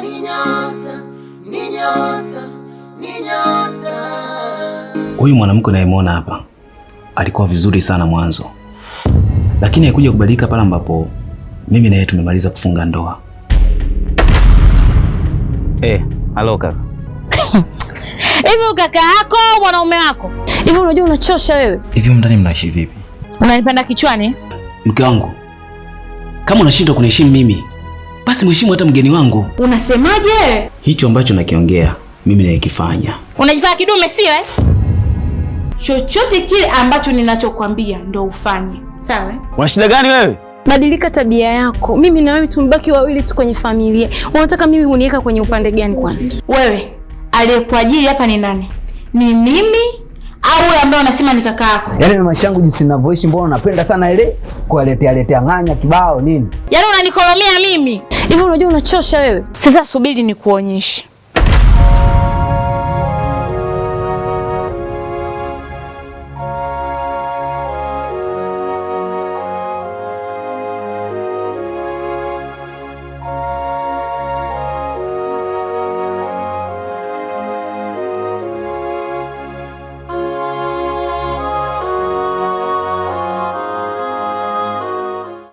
ni nyota, ni nyota, ni nyota. Huyu mwanamke unayemwona hapa alikuwa vizuri sana mwanzo, lakini haikuja kubadilika pale ambapo mimi na yeye tumemaliza kufunga ndoa. Eh, halo kaka. Hivi kaka yako mwanaume wako hivi, unajua unachosha wewe. Hivi mndani mnaishi vipi? Unanipenda kichwani? Mke wangu, kama unashindwa kuniheshimu mimi basi mheshimu hata mgeni wangu. Unasemaje? Hicho ambacho nakiongea mimi nakifanya. Unajifanya kidume sio eh? Chochote kile ambacho ninachokwambia ndo ufanye, sawa? Una shida gani wewe? Badilika tabia yako. Mimi na wewe tumbaki wawili tu kwenye familia, unataka mimi uniweka kwenye upande gani? Kwani wewe aliyekuajiri hapa ni nani? Ni mimi au yule ambaye unasema ni kaka yako? Yaani mama yangu jinsi ninavyoishi, mbona unapenda sana ile kuwaletea letea ng'anya kibao nini? Yaani unanikolomia mimi hivi, unajua unachosha wewe. Sasa subiri nikuonyeshe